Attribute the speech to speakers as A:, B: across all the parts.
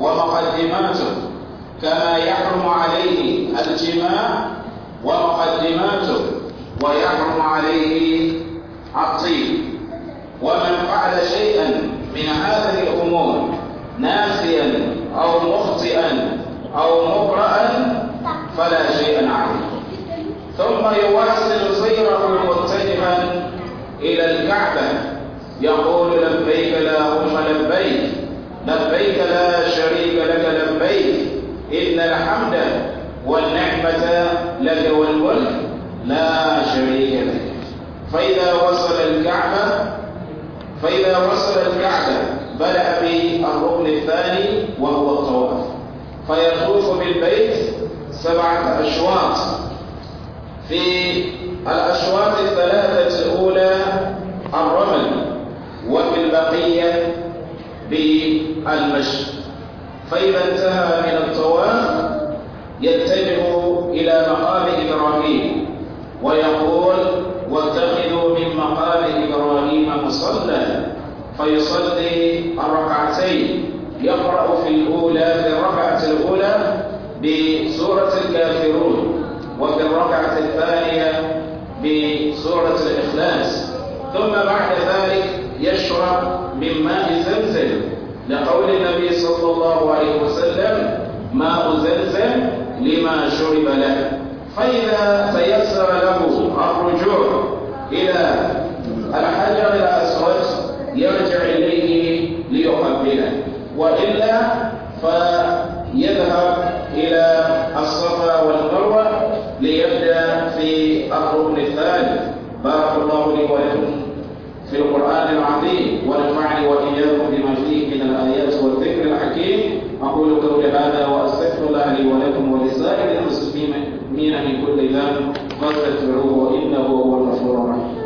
A: ومقدماته كما يحرم عليه الجماع ومقدماته ويحرم عليه الطيب ومن فعل شيئا من هذه الأمور ناسيا أو مخطئا أو مبرأا فلا شيء عليه ثم يواصل سيره متجها إلى الكعبة يقول لبيك اللهم لبيك لبيك لا شريك لك لبيك إن الحمد والنعمة لك والملك لا شريك لك فإذا وصل الكعبة فإذا وصل الكعبة بدأ بالركن الثاني وهو الطواف فيطوف بالبيت سبعة أشواط في الأشواط الثلاثة فإذا انتهى من الطواف يتجه إلى مقام إبراهيم ويقول واتخذوا من مقام إبراهيم مصلى فيصلي الركعتين يقرأ في الأولى في الركعة الأولى بسورة الكافرون وفي الركعة الثانية بسورة الإخلاص ثم بعد ذلك يشرب من ماء زمزم لقول النبي صلى الله عليه وسلم ماء زمزم لما شرب له فإذا تيسر له الرجوع إلى الحجر الأسود يرجع إليه ليقبله وإلا فيذهب إلى الصفا والمروة ليبدأ في الركن الثالث بارك الله لي ولكم في القرآن العظيم ونفعني وإياكم الآيات والذكر الحكيم أقول قولي هذا وأستغفر الله لي ولكم ولسائر المسلمين من كل ذنب فاستغفروه إنه هو الغفور الرحيم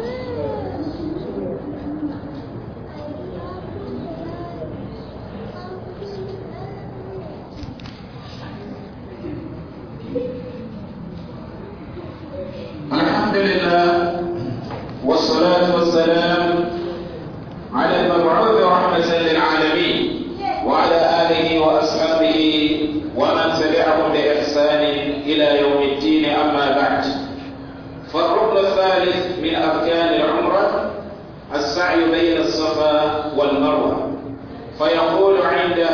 A: فيقول عنده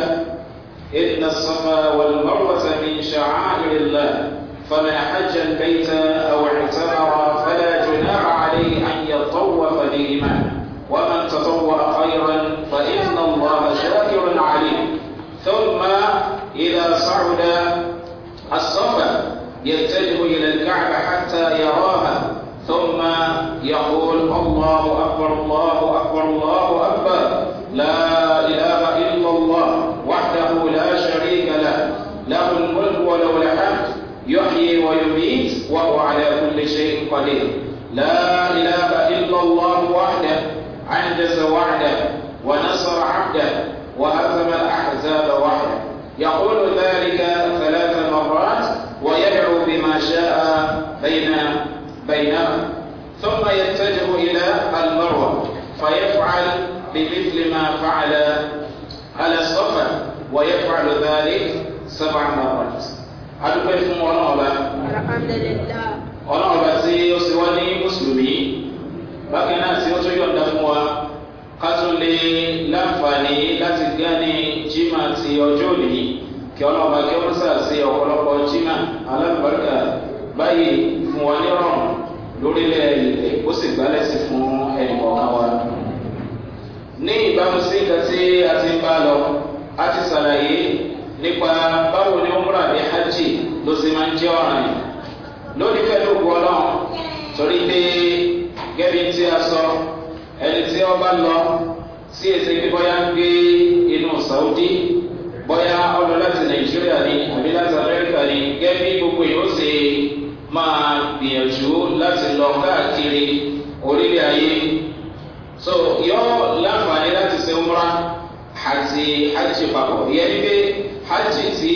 A: إن الصفا والمروة من شعائر الله فمن حج البيت أو اعتمر فلا جناح عليه أن يطوف بهما ومن تطوع خيرا فإن الله شاكر عليم ثم إذا صعد الصفا يتجه إلى الكعبة حتى يراها ثم يقول الله أكبر الله أكبر الله أكبر لا قدير لا إله إلا الله وحده عجز وحده ونصر عبده وهزم الأحزاب وحده يقول ذلك ثلاث مرات ويدعو بما شاء بين بينهم ثم يتجه إلى المروة فيفعل بمثل ما فعل على الصفا ويفعل ذلك سبع مرات هل أدوكم ورغبا الحمد لله ọlọ́run ọba tí ó ṣe wá ní mùsùlùmí bákan náà tí ó tún yọ̀ǹda fún wa ká tún lè láǹfààní láti gání jimá ti ọjọ́ òní kí ọlọ́run ọba kí wọ́n sà sí ọ̀pọ̀lọpọ̀ jimá alábàárà báyìí fún wa nírọ̀rùn lórílẹ̀ èkó sì gbálẹ̀ sí fún ẹnìkọ̀ọ̀kan wa. ní ìbámu sí ìka tí a ti ń bá lọ a ti ṣàlàyé nípa báwo ni ó múra bí hajj ló sì máa ń jẹ́ ọ̀ràn yìí lórí pẹ̀lú òkú ọlọ́run torí pé gẹ́bí tí a sọ ẹni tí ọba lọ sí èsè pé bọ́yá ń gbé inú saudi bọ́yá ọlọ láti nàìjíríà ni àbí láti amẹ́ríkà ni gẹ́bí gbogbo yóò ṣe máa gbìyànjú láti lọ káàkiri orílẹ̀ ayé so yọ láǹfààní láti ṣe umra àti hajj papọ̀ yẹn ni pé hajj ti.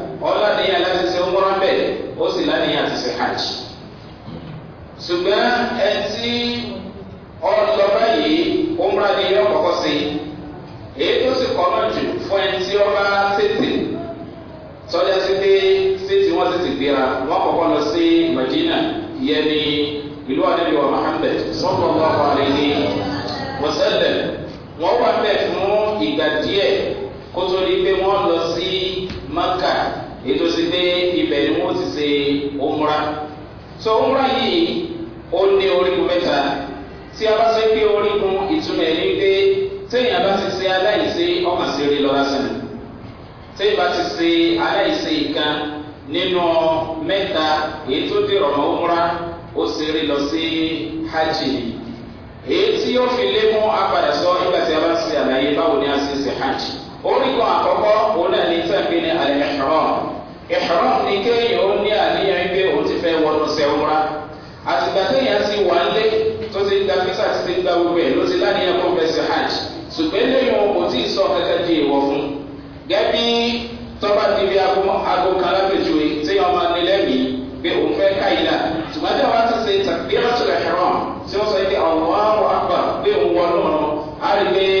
A: ọlọ́nìyàn láti ṣe ọmọràn bẹ́ẹ̀ ó sì lánìyàn àti ṣe hajj ṣùgbọ́n ẹtí ọlọ́ báyìí ọmọràn ni yọ kọ́kọ́ sí èyí tó sì kọ́ náà jù fún ẹtí ọba tètè sọjá sí pé tètè wọ́n tètè gbéra wọ́n kọ́kọ́ lọ sí madina yẹn ní ìlú àdébí wa muhammed sọ́kọ̀ ọ̀gá ọ̀gá rẹ̀ ní wọ́sẹ̀lẹ̀ wọ́n wà bẹ́ẹ̀ fún ìgbà díẹ̀ kótó ni pé wọ́n lọ sí maka ètò sí pé ibẹ̀ ni wọ́n ti ṣe òmùra so òmùra yìí ó ní orígun mẹ́ta tí a bá ṣe pé orígun ìtumọ̀ ẹ̀ ní pé téèyàn bá ti ṣe aláìsí ọkàn sí rí lọ́la sí ni téèyàn bá ti ṣe aláìsí ìkan nínú mẹ́ta èyí tó dé ọ̀nà òmùra ó ṣe rí lọ sí hajj ni èyí tí ó fi lé mú apàdásọ nígbà tí a bá ṣe àlàyé báwo ni a ṣe ṣe hajj orígun àkọ́kọ́ náà fi ní alẹ́ ẹ̀ṣọ́rọ̀ ẹ̀ṣọ́rọ̀ ni kéèyàn ó ní àníyàn pé òun ti fẹ́ wọnú sẹ́wúrà àtìgbà téèyàn sì wà lé tó ti gba fisa ti ti gba gbogbo ẹ̀ ló ti láníyàn kó fẹ́ hajj ṣùgbọ́n lẹ́yìn wọn kò tí ì sọ kẹ́kẹ́ di ìwọ fún gẹ́bí tọ́ba ti fi aago kan lápẹ̀jù téèyàn máa ní lẹ́mìí pé òun fẹ́ káyìlá ṣùgbọ́n tí a bá ti ṣe tàbí ẹ̀rọ tó lẹ̀ ṣẹ̀rọ̀ tí wọ́n sọ pé àwọn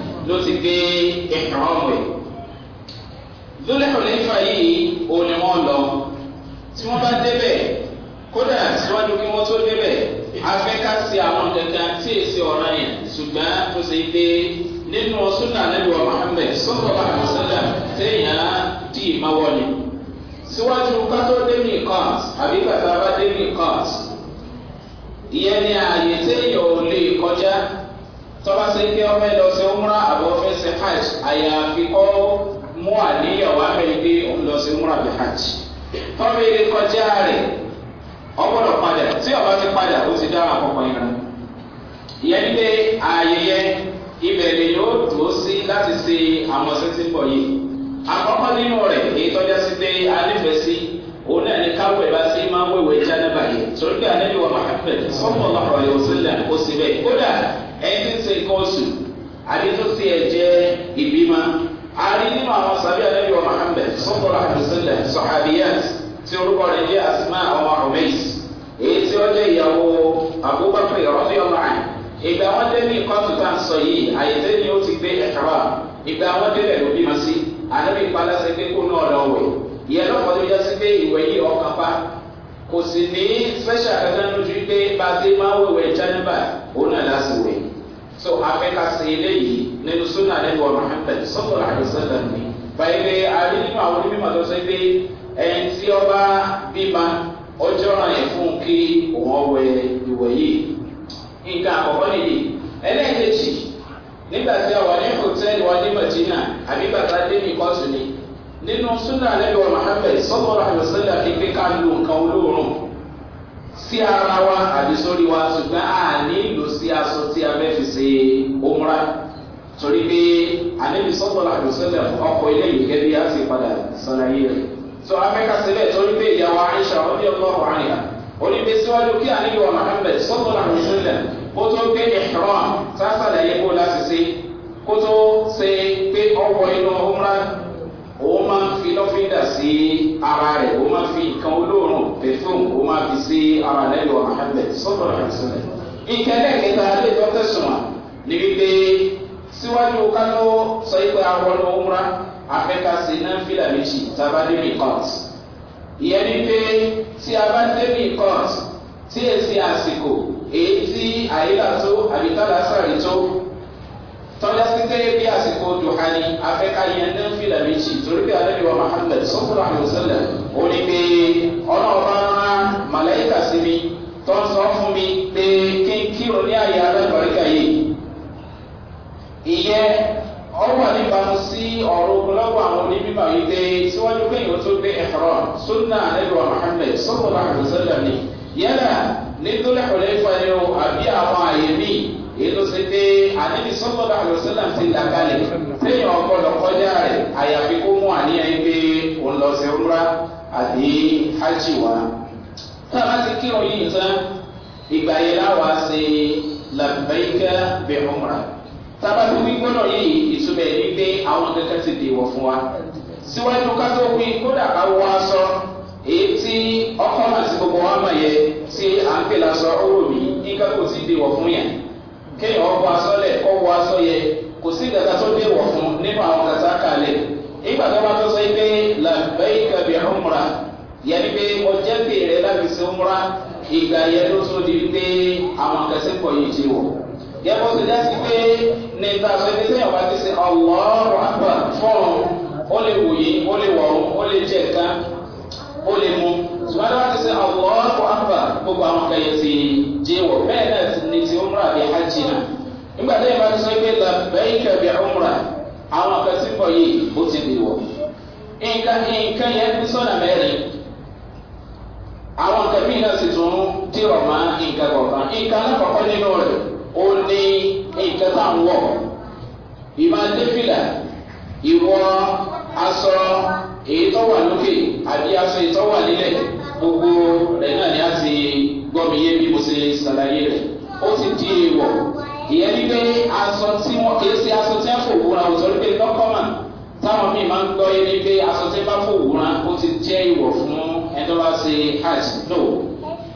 A: ló ti gbé ìkàrọ̀mù ẹ̀ lólẹ́kọ̀ọ́ nípa yìí òun ni wọ́n lọ tí wọ́n bá débẹ̀ kódà síwájú kí wọ́n tó débẹ̀ afẹ́ká sí àwọn dandan tí èsì ọ̀rọ̀ yẹn ṣùgbọ́n ó ṣe pé nínú súnà lẹ́nu ọ̀mọ̀hánbẹ̀ sọ́kọ̀ bá àwọn sọ́dà téèyàn dì í máwọ́ síwájú kátó débì kọ́ọ̀t àbí bàtà bá débì kọ́ọ̀t ìyẹn ni ààyè téèyàn ò lè kọjá tọ́ba ṣe pé ọmọ ẹ lọ sí umra àbọ̀ fẹ́ ṣe hajj àyàfi kọ́ mú àníyàn wá bẹ́ẹ̀ pé ó ń lọ sí umra bí hajj tọ́ba ilé kọjá rẹ̀ ọgbọ́dọ̀ padà tí ọba ti padà ó ti dára àkọ́kọ́ yẹn rẹ̀ ìyẹn ní pé ààyè yẹn ibẹ̀ ni yóò dúró sí láti ṣe àwọn sẹ́sìn bọ̀ yìí àkọ́kọ́ nínú rẹ̀ èyí tọ́já sí pé anífẹ̀ẹ́ sí òun náà ní káwé bá sí máa wéwèé jáde báyìí torí pé àlejò wa máa ń bẹ̀rẹ̀ sọ́kùnrin ẹni tí ń ṣe kóòsù àbí tó ṣe ẹ̀jẹ̀ ìbímọ àrí nínú àwọn sàbí àlejò mohammed sọ́kọ̀rọ̀ àdùsílẹ̀ sọ̀hábíyàt tí orúkọ rẹ̀ jẹ́ asma ọmọ ọ̀mẹ́s èyí tí ó jẹ́ ìyàwó abubakar ìrọ́lẹ́ ọmọ àyè ìgbà wọn dé ní kóòtù tá à ń sọ yìí àyè ni ó ti gbé ẹ̀ka wà ìgbà wọn délẹ̀ ló bímọ sí ànábì palásẹ pé kó náà lọ wẹ̀ ìyẹn tó yá pé ìwẹ̀ yìí ọkàn pa kò sì ní special kankan lójú pé bá a ti máa wẹ̀wẹ̀ jáde báyìí òun náà lásìwẹ̀ so afẹ́ka ṣe eléyìí nínú sunna lẹ́nu ni nínú àwọn onímọ̀ tó ṣe pé ẹni ọba bímọ ọjọ́ ràn yẹn fún tí a wà ní hòtẹ́ẹ̀lì wa ní madina àbí bàtà débi kọ́sì ni nínú sunna lẹ́nu ọ̀nà ahmed sọ́kọ̀lá lu sí ara wa àbí sórí wa ṣùgbọ́n a nílò sí aṣọ tí a fẹ́ fi ṣe òmùra torí pé àlébi sọ́tọ̀lá àdùsọ́lẹ̀ ọkọ̀ ilé ìkẹ́ bí a sì padà sọ̀rọ̀ rẹ̀. tó amẹ́ka sílẹ̀ torí pé ìyàwó àyíṣà ọdí ọlọ́wọ́ àyà oníbi síwájú kí àlébi wa mohammed sọ́tọ̀lá àdùsọ́lẹ̀ kó tó gbé ìṣòro sásàlẹ̀ yẹ kó láti ṣe kó tó ṣe pé ọkọ̀ inú ọmọlá òun máa ń fi lọ́fíńdà sí ara rẹ̀ òun máa ń fi nǹkan olóòrùn pẹ̀fúm òun máa fi sí ara lẹ́yìn ọ̀hún ahmed sọ́kọ̀ àìsílẹ̀. ìkẹlẹ̀ kẹta alẹ́ tó tẹ̀sùn wa ni wípé síwájú kánú sọ pé àwọn ọmọra afẹ́kasí náà fìlà méjì tábà dé rìkọ́t. ìyẹn ni pé tí a bá dé rìkọ́t tí èsì àsìkò èyí tí àyílà tó àbí tálásàrì tó tọ́jà sí pé bí àsìkò dùhà ni afẹ́ká yẹn ní fìlà méjì torí pé alẹ́ ìwà muhammed sọ́kùnrin àmì òsèlè ó ní pé ọlọ́ọ̀bá rán màláìkà sí mi tó ń sọ fún mi pé kí n kí òní àyè alábàríkà yìí. ìyẹn ọwọ́ níbàámu sí ọ̀rọ̀ ogunlọ́gbọ̀ àwọn onímọ̀ yìí pé síwájú kéèyàn tó gbé ẹ̀fọ́rọ̀ sunna alẹ́ ìwà muhammed sọ́kùnrin àmì òsèlè ni yálà nítorí ọ̀lẹ́fà ni o àbí àwọn àyè míì èyí tó ṣe pé àníbi sọ́kọ̀dọ̀ àlùsọ́là ti là kalẹ̀ sẹ́yìn ọ̀gbọ́dọ̀ kọjá rẹ̀ àyàfi kó mú àníyàn yín pé òun lọ sí rúra àbí hajj wa. náà bá ti kírun yìí tán ìgbà yẹn láwa ṣe làbẹ́yìká bẹ̀ ọ̀mùrà. tábà tó wí gbọ́dọ̀ yìí ìtumẹ̀ ní pé àwọn kankan ti dèwọ̀ fún wa. síwájú ká tó wí kódà ká wọ aṣọ èyí tí ọkọ̀ náà ti gbogbo wa mọ̀ yẹ tí à ń pè lásọ ọ̀rọ̀ kéèyàn ọkọ aṣọ lẹ̀ kọ́ wọ aṣọ yẹ kò sí ìgbàgbà tó dé wọ̀ fún nínú àwọn kàtà kalẹ̀ ìgbà tó bá tó sọ pé làbẹ́yì kàbí ọmọra yẹni pé ọjọ́ pè rẹ láti ṣe ọmọra ìgbà yẹn ló tún di pé àwọn kẹsìkọ̀ yìí ti wọ̀ yẹ́pọ̀ tó dá sí pé ní ìtàṣọ ẹni tí yàrá ti ṣe ọlọ́ọ̀rọ̀ àgbà fọ́ọ̀rùn ó lè wòye ó lè wọ̀ọ̀rùn ó lè jẹ̀ka ó lè mu. sùwádìí wá ti sẹ Allahu Akbar gbogbo àwọn kan yẹn ti jẹ wọ bẹ́ẹ̀ náà ti ní ti umra bí hajj náà nígbà tí ìbá ti sọ pé labbaika àwọn kan ti yìí ó ti bì wọ̀ nǹkan nǹkan yẹn ti sọ̀nà mẹ́rin àwọn kan sì tún nǹkan kọ̀ọ̀kan nǹkan nínú rẹ̀ ó ní nǹkan tá à ń wọ̀ ìmọ̀ ìwọ aṣọ èyí tó wà lókè àbí aṣọ gbogbo rẹ̀ náà ni a ti gbọ́ mi yé bí mo ṣe ṣàlàyé rẹ̀ ó ti di èèwọ̀ ìyẹn ní pé aṣọ tí wọn kì í ṣe aṣọ tí wọn fò wúra ò sọrí pé lọ́kọ́mà táwọn míì máa ń gbọ́ yé ní pé aṣọ tí bá fò wúra ó ti jẹ́ ìwọ̀ fún ẹni wá ṣe hajj no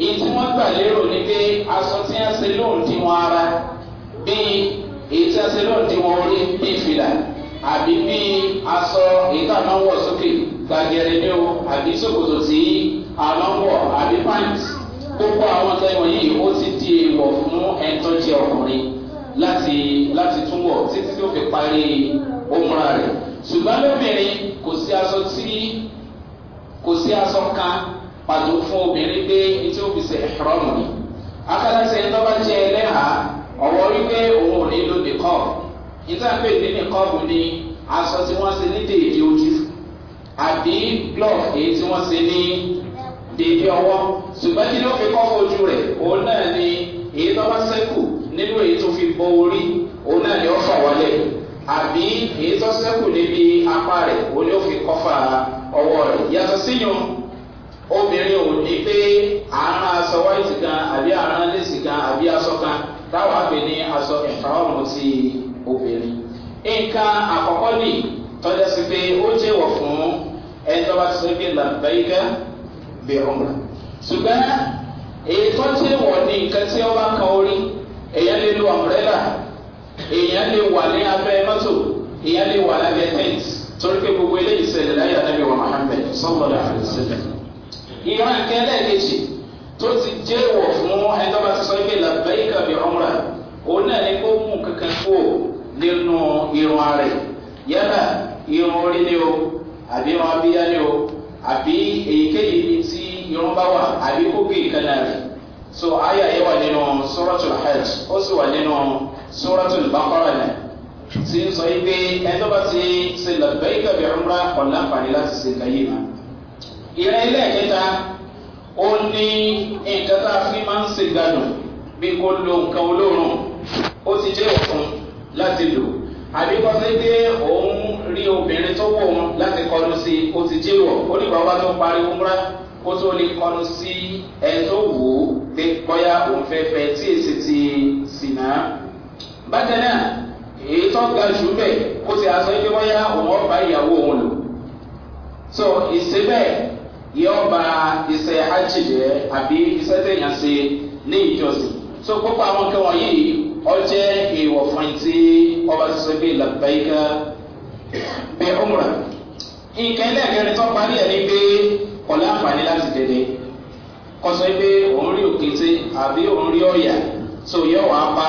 A: èyí tí wọ́n gbà lérò ni pé aṣọ tí wọn ṣe lóun dín wọn ara bíi èyí tí wọn ṣe lóun dín wọn orí bíi fìlà àbí bíi aṣọ èyí tí wọ̀ sókè gbàgẹ̀rẹ̀ ni o àbí sòkòtò tí yìí ó ti di èèwọ̀ fún ẹni tó jẹ ọkùnrin láti láti túbọ̀ títí tó fi parí òmùra rẹ̀ ṣùgbọ́n lóbìnrin kò sí aṣọ tí kò sí aṣọ kan pàtó fún obìnrin pé etí ó fi ṣe ẹ̀rọ̀mù ni akálàṣe ẹni tó bá jẹ ẹlẹ́hà ọ̀wọ́ wípé òun ò ní lò ní kọ́ọ̀bù ìtàgbé ní ní kọ́ọ̀bù ni aṣọ tí wọ́n ṣe ní dèédé ojú àbí glove èyí tí wọ́n ṣe ní dèédé ọwọ́ ṣùgbọ́n kí ló fi kọ́ fojú rẹ̀ òun náà ni èyí tó bá sẹ́kù nínú èyí tó fi bo orí òun náà ni ó fà wọlé àbí èyí tó sẹ́kù níbi apá rẹ̀ òun ni ó fi kọ́fà ọwọ́ rẹ̀ yàtọ̀ síyàn obìnrin ò ní pé àárín aṣọ wáìtì kan àbí àárín lẹ́sì kan àbí aṣọ kan táwọn àgbẹ̀ ní aṣọ ìfàwọ̀mù ti obìnrin. nǹkan àkọ́kọ́ nì tọ́jà sí pé ó jẹ́wọ̀ fún ẹni tó bá ti sọ pé làbẹ́yìká bí ọmọ ṣùgbọ́n èyí tó ti wọ̀ ní nǹkan tí ọba kan orí èèyàn lè lo àmúrẹ́là èèyàn lè wà ní abẹ́ mọ́tò èèyàn lè wà lábẹ́ tẹ́ǹtì torí pé gbogbo eléyìí ṣẹlẹ̀ láyé àdábì wa muhammed sọ́kọ̀dà àdìsẹ́lẹ̀. ìran kẹlẹ́ kejì tó ti jẹ́ wọ̀ fún ẹ̀dọ́ba ti sọ pé làbẹ́yì kàbí ọmọra òun náà ni kó mú kankan kúrò nínú irun ààrẹ yálà irun orí ni o àbí irun abíyá ni o àbí èyíkéyìí tí irun bá wà àbí kó gé so àyà yẹ wà nínú sọ́rọ́tù hajj ó sì wà nínú sọ́rọ́tù bàkọ́rà náà tí ń sọ yí pé ẹni tó bá ti ṣe lọ́gbẹ́ ìkàbẹ̀ ọmọdé ọ̀la pàdé láti ṣe kàyé mà. ìrẹ́ ilé ẹ̀kẹta ó ní nǹkan tá a fi máa ń ṣe gbádùn bí kò lo nǹkan olóòórùn ó ti jẹ́ òfin láti lò àbí kọ́ sí pé òun rí obìnrin tó wò wọn láti kọlu sí i ó ti jíwọ ó ní bàbá tó parí wúmúrá kó tó lè kọlu sí ẹ tó wò ó pé bọ́yá òun fẹ́ fẹ́ tí èsì ti sìnà. bákan náà èyí tó ga jù bẹ́ẹ̀ kó ti aṣọ ilé wáyà òun ọba ìyàwó òun lò. so ìsebẹ̀ yóò ba iṣẹ́ hajj jẹ́ àbí iṣẹ́ tẹ̀yàn ṣe ní ìjọsìn. so gbogbo àwọn kẹwọ̀n yìí ọ jẹ́ èèwọ̀ fún ọba ṣiṣẹ́ bíi làbáyíká bẹ ọmọra nǹkan ẹlẹ́ẹ̀kẹrin tó parí ẹ̀ ní pé kọ̀lá àǹfààní láti dédé kọ́sọ́ pé òun rí òkété àbí òun rí ọ̀yà tó yẹ wàá pa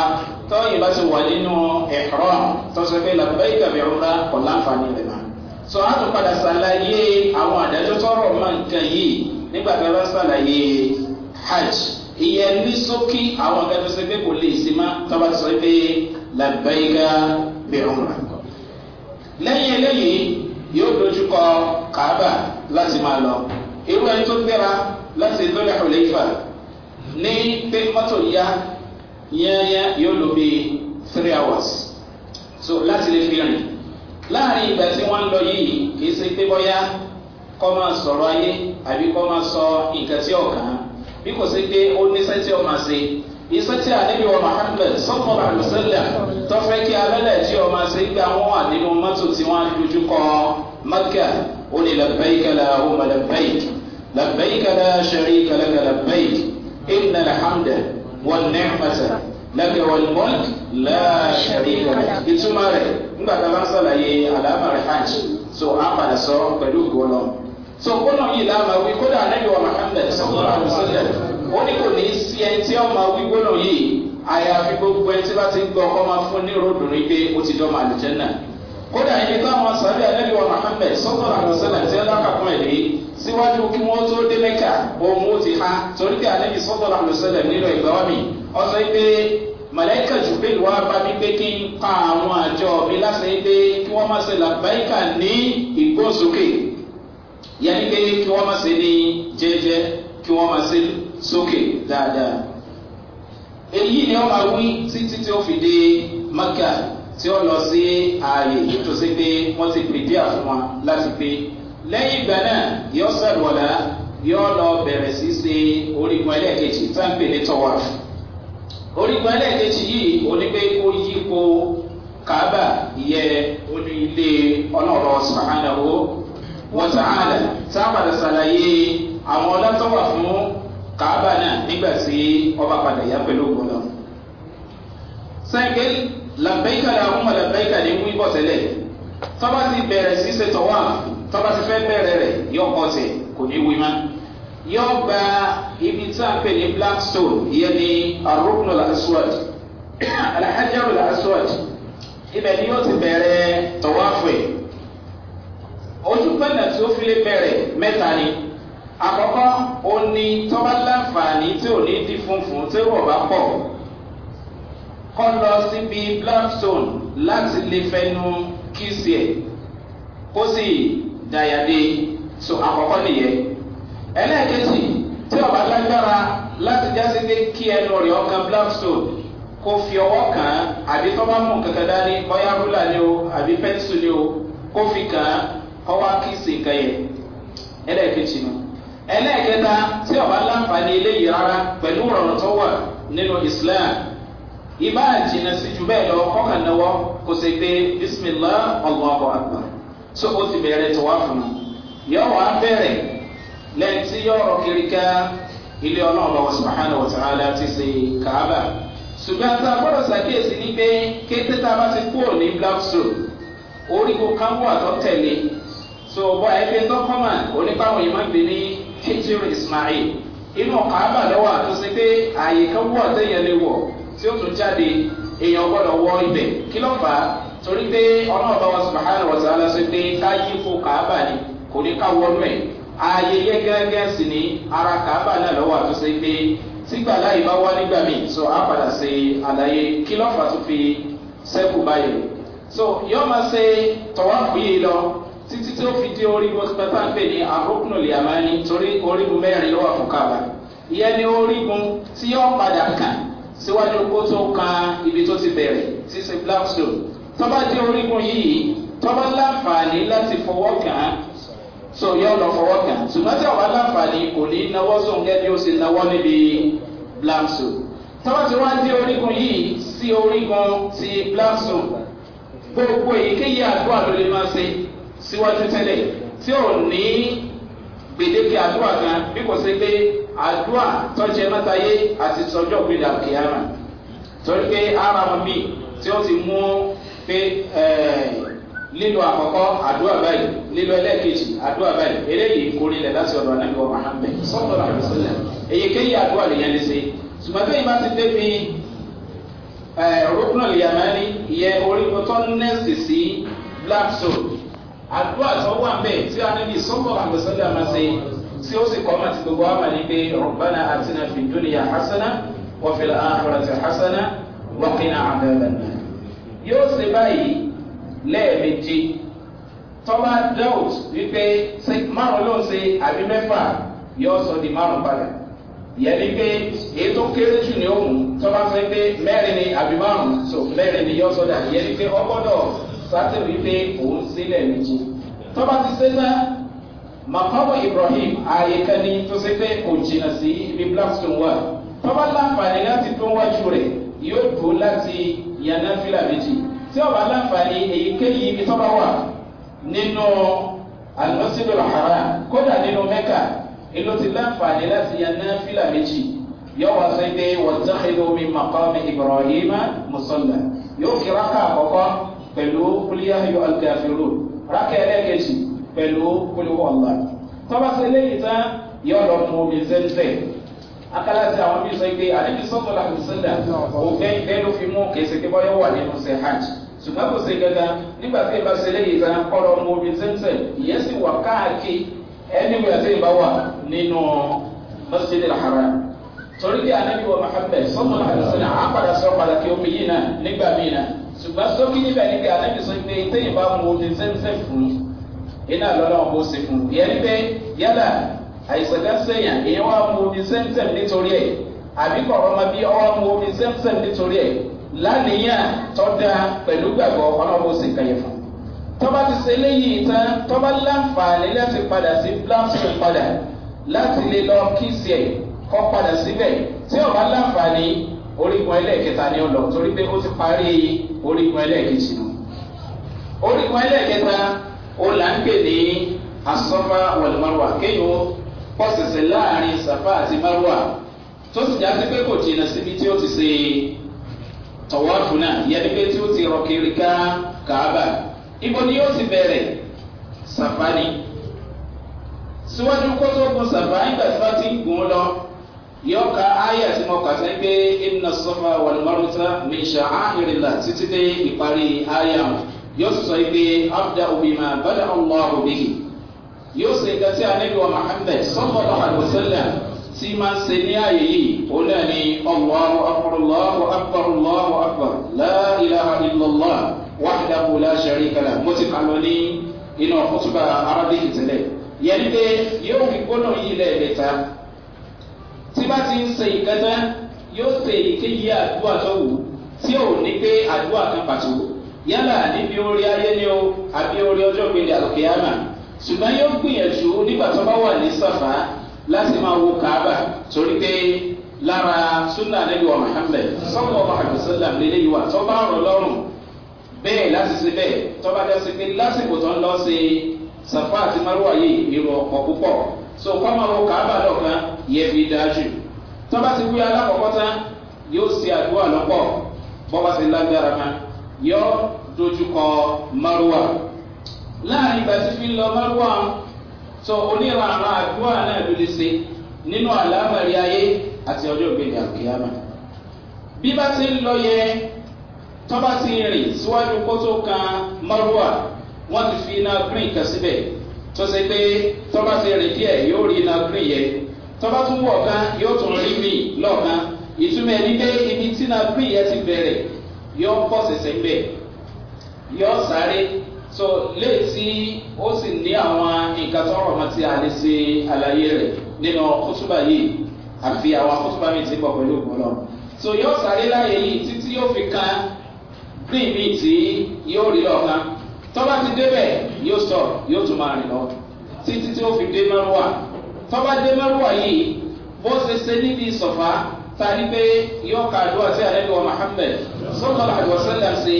A: tọ́yìn bá ti wà nínú ẹ̀rọ tọ́sọ pé làbẹ́ ìgbàgbé ọ̀rá kọ̀lá àǹfààní rẹ̀ náà sọ á tún padà ṣàlàyé àwọn àdájọ́ tọrọ máa ń kan yìí nígbà tí a bá ṣàlàyé hajj ìyẹn ní sókí àwọn akẹ́kọ̀ọ́ sọ pé kò lè ṣe má tọ́ bá ti sọ pé làbẹ́ ìgbàgbé lẹ́yìn eléyìí yóò dojúkọ kaaba láti máa lọ irú ẹni tó gbéra láti lórí àwòlẹ́fà ní pé mọ́tò yá yẹ́nyẹ́ yóò lò bí three hours so láti lè fi rìn láàrin ìgbà tí wọ́n ń lọ yìí kì í ṣe pé bọ́yá kọ́ máa sọ̀rọ̀ ayé àbí kọ́ máa sọ nǹkan tí ọ̀kan bí kò sí pé ó ní sẹ́tí ọ̀ máa ṣe iṣẹ́ tí anabi wa muhammed sọ́kọ̀ọ́ àlùsẹ́lẹ̀ tọ́fẹ́ kí abẹ́lẹ̀ tí ọmọ ṣe gbé àwọn wà nínú mọ́tò tí wọ́n á dojú kọ mẹ́kà ó ní lẹ́bẹ̀ẹ́kẹ́lá ó mọ̀ lẹ́bẹ̀ẹ́kẹ́ lẹ́bẹ̀ẹ́kẹ́lá ṣẹ̀ríkẹ́lẹ́kẹ́ lẹ́bẹ̀ẹ́kẹ́ إن الحمد والنعمة لك والملك لا شريك لك ìtumọ̀ rẹ̀ nígbà tá a bá ń sàlàyé àlámàrí hajj so a padà sọ pẹ̀lú gbọ́lọ́ so gbọ́lọ́ yìí láàmà wí kódà anábì wa muhammed sọ̀rọ̀ àdùsọ́lẹ̀ ó ní kò ní sí ẹni tí ọmọ wígbóná yìí àyàfi gbogbo ẹni tí bá ti ń gbọ́ ọkọ máa fún ní ròdùnrin pé ó ti dọ́ màlúù jẹ́ náà kódà ibi táwọn sàbẹ̀ ẹlẹ́bíwọ̀ mohammed sọ́tọ̀ àlùsẹ́lẹ̀ tí ẹlẹ́kàkùn ẹ̀dí síwájú kí wọ́n tó dé mẹ́kà òun ti ha torí pé àlẹ́bí sọ́tọ̀ àlùsẹ́lẹ̀ nínú ìgbàwọ́ mi ọ̀sẹ̀ pé mọ̀lẹ́kà jùbẹ́lì wá bá mi pé kí n pa àwọn àjọ mi láṣẹ pé kí wọ́n má ṣe ni pé kí wọ́n má ṣe ní jẹ́jẹ́ kí sókè dáadáa èyí ni wọn máa wí títí tí ó fi dé maka tí ó lọ sí ààyè tó ṣe pé wọn ti pèdé àwọn wọn láti pé lẹ́yìn ìgbà náà yọ sàlùwàlà yọ lọ bẹ̀rẹ̀ sí ṣe orígun ẹlẹ́ẹ̀kejì tá ń pè ní tọ́wà orígun ẹlẹ́ẹ̀kejì yìí onígbé kó yípo kaaba yẹ oní ilé ọlọ́rọ̀ sàánà wo wọ́n sàánà sábàdà àwọn ọlọ́tọ́wà fún kaaba náà nígbà tí ọba padà yá pẹ̀lú ògbọ́nà. sẹ́ńkẹ́lì làbẹ́yìká la ọmọ làbẹ́yìká ní wí bọ̀ tẹ́lẹ̀ tọ́ba ti bẹ̀rẹ̀ sí ṣètò wà tọ́ba ti fẹ́ bẹ̀rẹ̀ rẹ̀ yọ ọkọ̀ tẹ̀ kò ní wí má. yọ gba ibi tí a pè ní black stone ìyẹn ní arúgbó làásùwàd alahajaru làásùwàd ibẹ̀ ni yóò ti bẹ̀rẹ̀ tọ́wáfẹ̀ ojú pẹ́ẹ́nà tí ó fi lé bẹ̀rẹ̀ mẹ́ta ni àkọ́kọ́ ó ní tọ́ba láǹfààní tí ò ní di funfun tí wọ́n bá pọ̀ kọ́ lọ síbi blackstone láti lè fẹnu kí sí ẹ̀ kó sì dàyàdé so àkọ́kọ́ nìyẹn ẹlẹ́ẹ̀kejì tí ọba lágbára láti jásí pé kí ẹnu rẹ̀ ọkàn blackstone kó fi ọwọ́ kàn án àbí tọ́ba mú kankan dání bọ́yá rúlà ni o àbí pẹ́ńsù ni o kó fi kàn án kọ́ wá kí sí nǹkan yẹn ẹlẹ́ẹ̀kejì náà ẹlẹ́ẹ̀kẹta tí ọba láǹfààní eléyìí rárá pẹ̀lú rọrùn tó wà nínú islam ìbá jìnnà sí jù bẹ́ẹ̀ lọ kọ́kàn náwó kò sì pé bisimilá ọlọ́ọ̀bọ̀ àgbà tó o ti bẹ̀rẹ̀ tó wá fún un yọ wá bẹ̀rẹ̀ lẹ́yìn tí yọ ọ̀rọ̀ kiri ká ilé ọlọ́ọ̀bọ̀ wàsùmáhánà wàsàlá ti ṣe kàábà ṣùgbọ́n tá a gbọ́dọ̀ ṣàkíyèsí ni pé kété tá a bá ti kúrò ní black soul orí kò káwọ́ àtọ́ tẹ̀lé so bọ́ ẹ pé tọ́kọ́mà onípàwọn yìí máa ń bè ní hijir ismail inú ọ̀kà àbàlọ́wà tó ṣe pé ààyè kan wọ̀ tẹ́yẹ lè wọ̀ tí ó tún jáde èèyàn gbọ́dọ̀ wọ ibẹ̀ kí ló fà á torí pé ọlọ́ọ̀bá wa subahana wa ta'ala ṣe pé ká yí fo ni kò ní ká wọnú ẹ̀ ààyè yẹ gẹ́gẹ́ sì ni ara kàábà náà lọ́wọ́ àtúnṣe pé sígbà láì bá wá nígbà míì so á padà ṣe àlàyé kí ló fà tó fi sẹ́kù báyìí so yọ́ọ́ máa ṣe tọ́wọ́ àpòyè lọ títí tí ó fi dé orí pátá ń pè ní àrókùnà lìyàmání torí orígun mẹ́rin ló wà fún kábà ìyẹn ni orígun tí yóò padà kàn síwájú kó tó kan ibi tó ti bẹ̀rẹ̀ tí ṣe blackstone tọ́ba dé orígun yìí tọ́ba láǹfààní láti fọwọ́ kàn án so yọ lọ fọwọ́ kàn ṣùgbọ́n tí àwọn aláǹfààní kò ní náwó sóun gẹ́gẹ́ ó sì náwó níbi blackstone tọ́ba ti wá dé orígun yìí sí orígun ti blackstone gbogbo èyíkéyìí àdúrà ló lè máa ṣe síwájú tẹ́lẹ̀ tí ò ní gbèdéke àdúrà kan bí kò sí pé àdúrà tọ́jẹ́ mẹ́tayé àti tọ́jọ́ gbéra kìámà torí pé ara wọn bíi tí ó ti mú pé lílo àkọ́kọ́ àdúrà báyìí lílo ẹlẹ́ẹ̀kejì àdúrà báyìí eléyìí kórìílẹ̀ láti ọ̀dọ̀ anábìwọ̀ mahammed sọ́dọ̀ làwọn sílẹ̀ èyíkéyìí àdúrà lèyàn lè ṣe ṣùgbọ́n bẹ́ẹ̀ bá ti dé fi rúkúnà lèyàn máa ní ìyẹn orí tó tọ́ nẹ́ẹ̀sì sí black soap àdúrà tó wà mẹ́ tí a níbi sọ́mọ́ àmọ́sọ́lẹ̀ àmọ́sẹ́ tí ó sì kọ́mà ti gbogbo àmà ní pé ọ̀gbọ́nà àti náà fi dúnìyà hasana wọ́n fi àhùrà ti hasana wọ́n kí náà àbẹ̀rẹ̀ náà. yóò ṣe báyìí lẹ́ẹ̀mejì tọ́ba doubt wípé márùn ló ń ṣe àbí mẹ́fà yóò sọ di márùn padà yẹni pé èyí kéré jù ní òun tọ́ba fẹ́ pé mẹ́rin ni àbí márùn so mẹ́rin ni yóò sọ dà yẹni pé ọgbọ́dọ̀ sátẹ̀ wípé òun sílẹ̀ méjì tọ́ba ti ṣe tán makamu ibrahim ààyè kan ní tó ṣe pé kò jìnnà sí ibi blackstone wà tọ́ba láǹfààní láti tó wájú rẹ̀ yóò dùn láti yànnà fìlà méjì tí ọba láǹfààní èyíkéyìí ibi tọ́ba wà nínú alimọ́sídò làhárà kódà nínú mẹ́kà ìlú ti láǹfààní láti yànnà fìlà méjì yóò wá sọ pé wọ́n omi makamu ibrahim musola yóò kíra ká àkọ́kọ́ pẹ̀lú kúlíyà yọ alkafirun rákẹ́ ẹlẹ́gẹ̀ẹ́sì pẹ̀lú kúlíwọ̀ ọ̀la tọ́bàṣẹ́ lẹ́yìn tán yọ lọ mú omi zẹ́ńzẹ́ akálàtì àwọn bí sọ pé àdébí sọ́tọ̀ láti sílẹ̀ òkè ìgbẹ́ ló fi mú kèsì kí bọ́yọ̀ wà nínú sẹ́ hajj ṣùgbọ́n kò sí gẹ́gẹ́ nígbà tí ìbá ṣe lẹ́yìn tán kọ́ lọ mú omi zẹ́ńzẹ́ ìyẹn sì wà káàkiri torí bí anabi wa muhammed sọ́tọ̀ láti sílẹ̀ àpàdà padà kí omi yìí náà nígbà míì náà ṣùgbọ́n sókí níbẹ̀ ni pé ànábì sọ pé téyìn bá mu omi sẹ́ńsẹ́ fún iná lọ́nà ọ̀bọ ṣe fún ìyẹn pé yálà àìsàn kan sẹ́yìn èyí wá mu omi sẹ́ńsẹ́ nítorí ẹ̀ àbí kọ̀ọ̀rọ̀ ma bí ọwọ́ mu omi sẹ́ńsẹ́ nítorí ẹ̀ lánìyàn tọ́da pẹ̀lú gbàgbọ́ ọlọ́wọ́ ṣe kẹyẹ fún tọ́ba ti ṣe léyìí tán tọ́ba láǹfààní láti padà sí blanche padà láti orígun ẹlẹ́ẹ̀kẹta ni ó lọ torí pé ó ti parí orígun ẹlẹ́ẹ̀kejì nù. orígun ẹlẹ́ẹ̀kẹta ó là ń pè ní asọ́fà wàlúmọ́rùwà kéèyàn ó pọ̀sẹ̀sẹ̀ láàrin sàfà àti márùwà tó sì já sí pé kò jìnnà síbi tí ó ti ṣe tọ̀wọ́fù náà yẹni pé tí ó ti rọ kiri ká kàába ibo ni yóò ti bẹ̀rẹ̀ sàfà ni síwájú kótó gun sàfà nígbà tí wọ́n ti gùn lọ yóò ka ayé tí mo kà sẹ́yìn pé iná sọ́fà wàlúmọ́rútà mi ṣe àhìrìlà títí dé ìparí ayé àwọn yóò sọ pé abdá omi máa bàdá ọlọ́ òbí yóò ṣe nǹkan tí anabi wa muhammed sọ́fà lọ́hàdùsẹ́lẹ̀ tí máa ń ṣe ní ayé yìí ó náà ní ọlọ́hu akọrọlọ́hu akọrọlọ́hu akọr láìláha ìlọ́lá wàhídàbù láṣẹrí kala mo ti kà lọ ní inú ọkùtùbà arábíkì tẹ́lẹ̀ yẹn ní pé yóò fi gbóná yìí lẹ́ẹ̀mẹ́ta tí bá ti ń ṣe ìkẹta yóò ṣe èyíkéyìí àdúrà tó wù tí ò ní pé àdúrà kan pàtó yálà níbi orí ayé ni o àbí orí ọjọ́ ìgbélé àlùkìyàmà ṣùgbọ́n yóò gbìyànjú nígbà tó bá wà ní sàfà láti máa wo kaaba torí pé lára sunna anabi wa muhammed sọ́kọ̀ ọba àbùsọ́lá lélẹ́yìí wa tó bá rọ̀ lọ́rùn bẹ́ẹ̀ láti ṣe bẹ́ẹ̀ tó bá dá sí pé lásìkò tó ń lọ sí sàfà àti márùwá yìí nírú ọkọ̀ púpọ̀ so kọ́ máa wo kaaba lọ́kàn ìyẹn fi dáa jù tó bá ti wí alákọ̀ọ́kọ́ tán yóò ṣe àdúrà lọ́pọ̀ bọ́bá ti lágbára ma yóò dojúkọ márùwà láàrin ìgbà tí fi lọ márùwà tó oníranran àdúrà náà ló lè ṣe nínú àlámàrí ayé àti ọjọ́ ìgbéni àkíyàmà bí bá ti ń lọ yẹ tó bá ti rìn síwájú kó tó kan márùwà wọ́n ti fi iná green kan síbẹ̀ tó ṣe pé tó ti rìn díẹ̀ yóò rí iná green yẹn tọ́ba tún wọ̀ kan yóò tún rí mi lọ́ọ̀kan ìtumọ̀ ẹni pé ibi tí náà bí ìyẹn ti bẹ̀rẹ̀ yóò pọ̀ sẹ̀sẹ̀ ń bẹ̀ sáré so léètí ó sì ní àwọn nǹkan tó rọ̀ mọ́ tí a lè ṣe àlàyé rẹ̀ nínú kótóbà yìí àfi àwọn kótóbà mi ti pọ̀ pẹ̀lú ògùn náà so yóò sáré láyé yìí títí yóò fi kan dín mi tí yóò rí lọ́ọ̀kan tọ́ba ti débẹ̀ yóò sọ yóò tún máa rìn lọ títí tí ó fi dé mọ́rùwà tọ́ba dé mẹ́rùwá yìí bó ṣe ṣe níbi ìsọ̀fà tani pé yóò ka àdúrà sí àlẹ́ wa muhammed sọ́kọ̀lá àdùwọ̀sẹ́lẹ̀ ṣe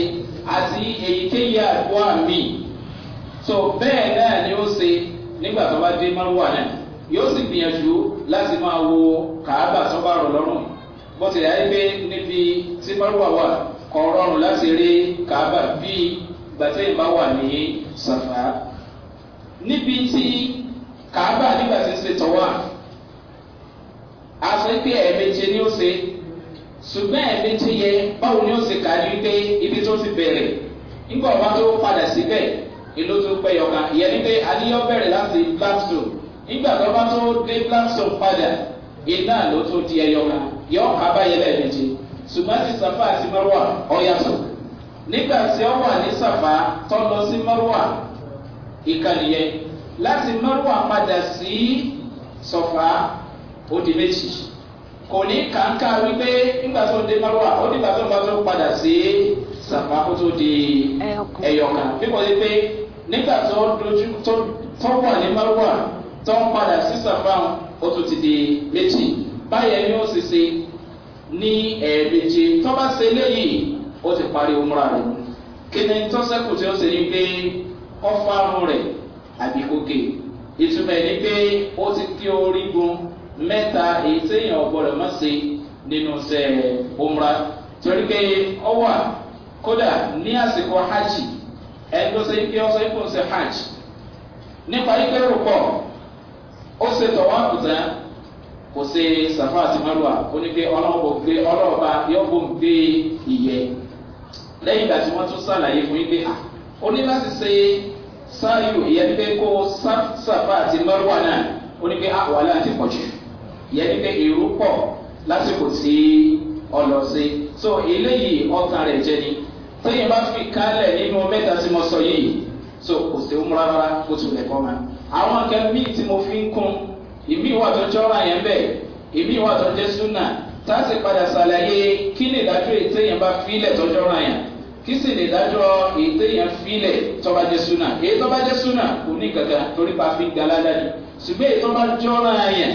A: àti èyíkéyìí àdúrà mi tó bẹ́ẹ̀ náà ni ó ṣe nígbà tọ́ba dé mẹ́rùwá náà yóò sì gbìyànjú láti máa wo kàábà tọ́ba rọ̀ lọ́rùn bó ti yáyé pé níbi tí mẹ́rùwá wà kọ̀ rọrùn láti rí kàábà bíi gbàtẹ́ wà ní sàfà níbi tí pé ẹ̀ẹ̀mejì ni ó ṣe ṣùgbọ́n ẹ̀ẹ̀mejì yẹ báwo ni ó ṣe kà ní pé ibi tó ti bẹ̀rẹ̀ nígbà ọba tó padà síbẹ̀ èló tó pẹ́ yọ̀ọ̀ka ìyẹn ni pé adíyọ́ bẹ̀rẹ̀ láti blackstone nígbà tó bá tó dé blackstone padà iná ló tó di ẹyọ̀ọ̀ka yọ̀ọ̀ka bá yẹ lẹ́ẹ̀mejì ṣùgbọ́n ti sàfà àti mọ́rùwà ọ̀yàtọ̀ nígbà tí ọ wà ní sàfà tó lọ sí mọ́rùwà ìkànnìyẹ láti mọ́rùwà padà sí sọ̀fà ó di méjì. kò ní kàńkà wípé nígbà tó dé márùwà ó nígbà tó bá tó padà sí sàfà kó tó di ẹyọkà bíkọ́ sí pé nígbà tó dojú tó wà ní márùwà tó ń padà sí sàfà ó tó ti di méjì báyẹn ní tó bá ti parí rẹ̀ kí ni tó sẹ́kù tí ó ṣe ní pé ọ̀fà rẹ̀ mẹ́ta èyí téèyàn ọ̀gbọ́dọ̀ má se umra torí pé kódà ní àsìkò hajj ẹni tó ṣe pé ọ hajj nípa ike rúkọ ó ṣe tọ̀wọ́n àkùtà safa àti márùwà ó ní gbé ọlọ́ọ̀bá gbé ìyẹ lẹ́yìn ìgbà tí wọ́n tún sàlàyé fún láti sáyò ìyẹn pé kó àti yẹn ní pé èrò pọ̀ lásìkò tí ọlọ sí so eléyìí ọ̀tàn rẹ̀ jẹ́ ni tẹ́yìn bá fi kálẹ̀ nínú mẹ́ta tí mo sọ yìí so kò sí òun rárá kó tún lẹ̀ kọ́ ma àwọn akẹ́ míì tí mo fi ń kún ìmí ìwà tó jọra yẹn bẹ́ẹ̀ ìmí ìwà tó jẹ́ súnà tá a sì padà ṣàlàyé kí ni ìdájọ́ ètò yẹn bá fílẹ̀ tó jọra yẹn kí sì ni ìdájọ́ ètò yẹn fílẹ̀ tó súnà èyí tó bá súnà kò ní gàgà torí pa fi galá lẹ́nu ṣùgbọ́n èyí tó jọra yẹn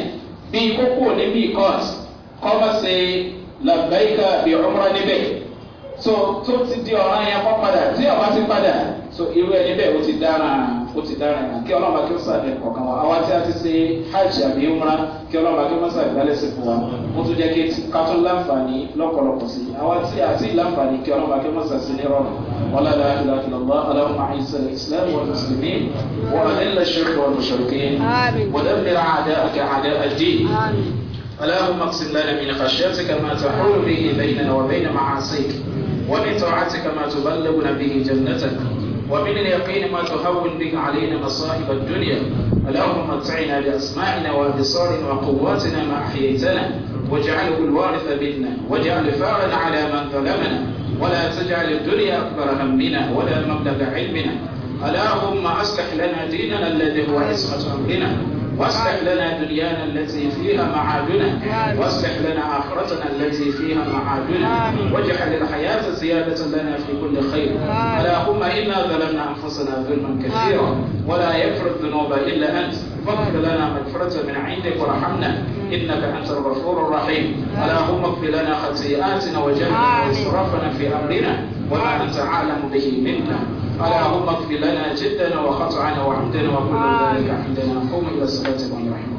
A: bíi kókó ní bíi kọ́ọ̀t kọ́mọ̀ sí làbẹ́yìká bíi ọmọ níbẹ̀ so tó ti di ọ̀ràn yẹn kọ́ padà tí ọba ti padà so irú ẹni bẹ́ẹ̀ ó ti dára ó ti dára yàn kí ọlọ́run akẹ́ sàdé kọ̀ọ̀kan wa àwa tí a ti ṣe hajj àbí umra kí ọlọ́run akẹ́ sàdé lálẹ́ sí fún wa ó tún jẹ́ kí kátó láǹfààní lọ́pọ̀lọpọ̀ sí àwa tí a ti láǹfààní kí ọlọ́run akẹ́ sàdé sí ní rọrùn ولا لا اله الا الله اللهم اعز الاسلام والمسلمين واذل الشرك والمشركين ودمر اعداءك اعداء الدين اللهم اقسم لنا من خشيتك ما ومن اليقين ما تهون به علينا مصائب الدنيا اللهم متعنا بأسماعنا وأبصارنا وقواتنا ما أحييتنا واجعله الوارث منا واجعل ثارا على من ظلمنا ولا تجعل الدنيا أكبر همنا ولا مبلغ علمنا اللهم أصلح لنا ديننا الذي هو عصمة أمرنا واصلح لنا دنيانا التي فيها معادنا واصلح لنا آخرتنا التي فيها معادنا واجعل الحياة زيادة لنا في كل خير اللهم إنا ظلمنا أنفسنا ظلما كثيرا ولا يغفر الذنوب إلا أنت فاغفر لنا مغفرة من عندك وارحمنا إنك أنت الغفور الرحيم اللهم اغفر لنا خطيئاتنا وجهلنا وإسرافنا في أمرنا وما أنت عالم به منا قال اللهم اغفر لنا جدنا وخطعنا وعمدنا وكل ذلك عندنا قوم الى صلاتكم يرحمكم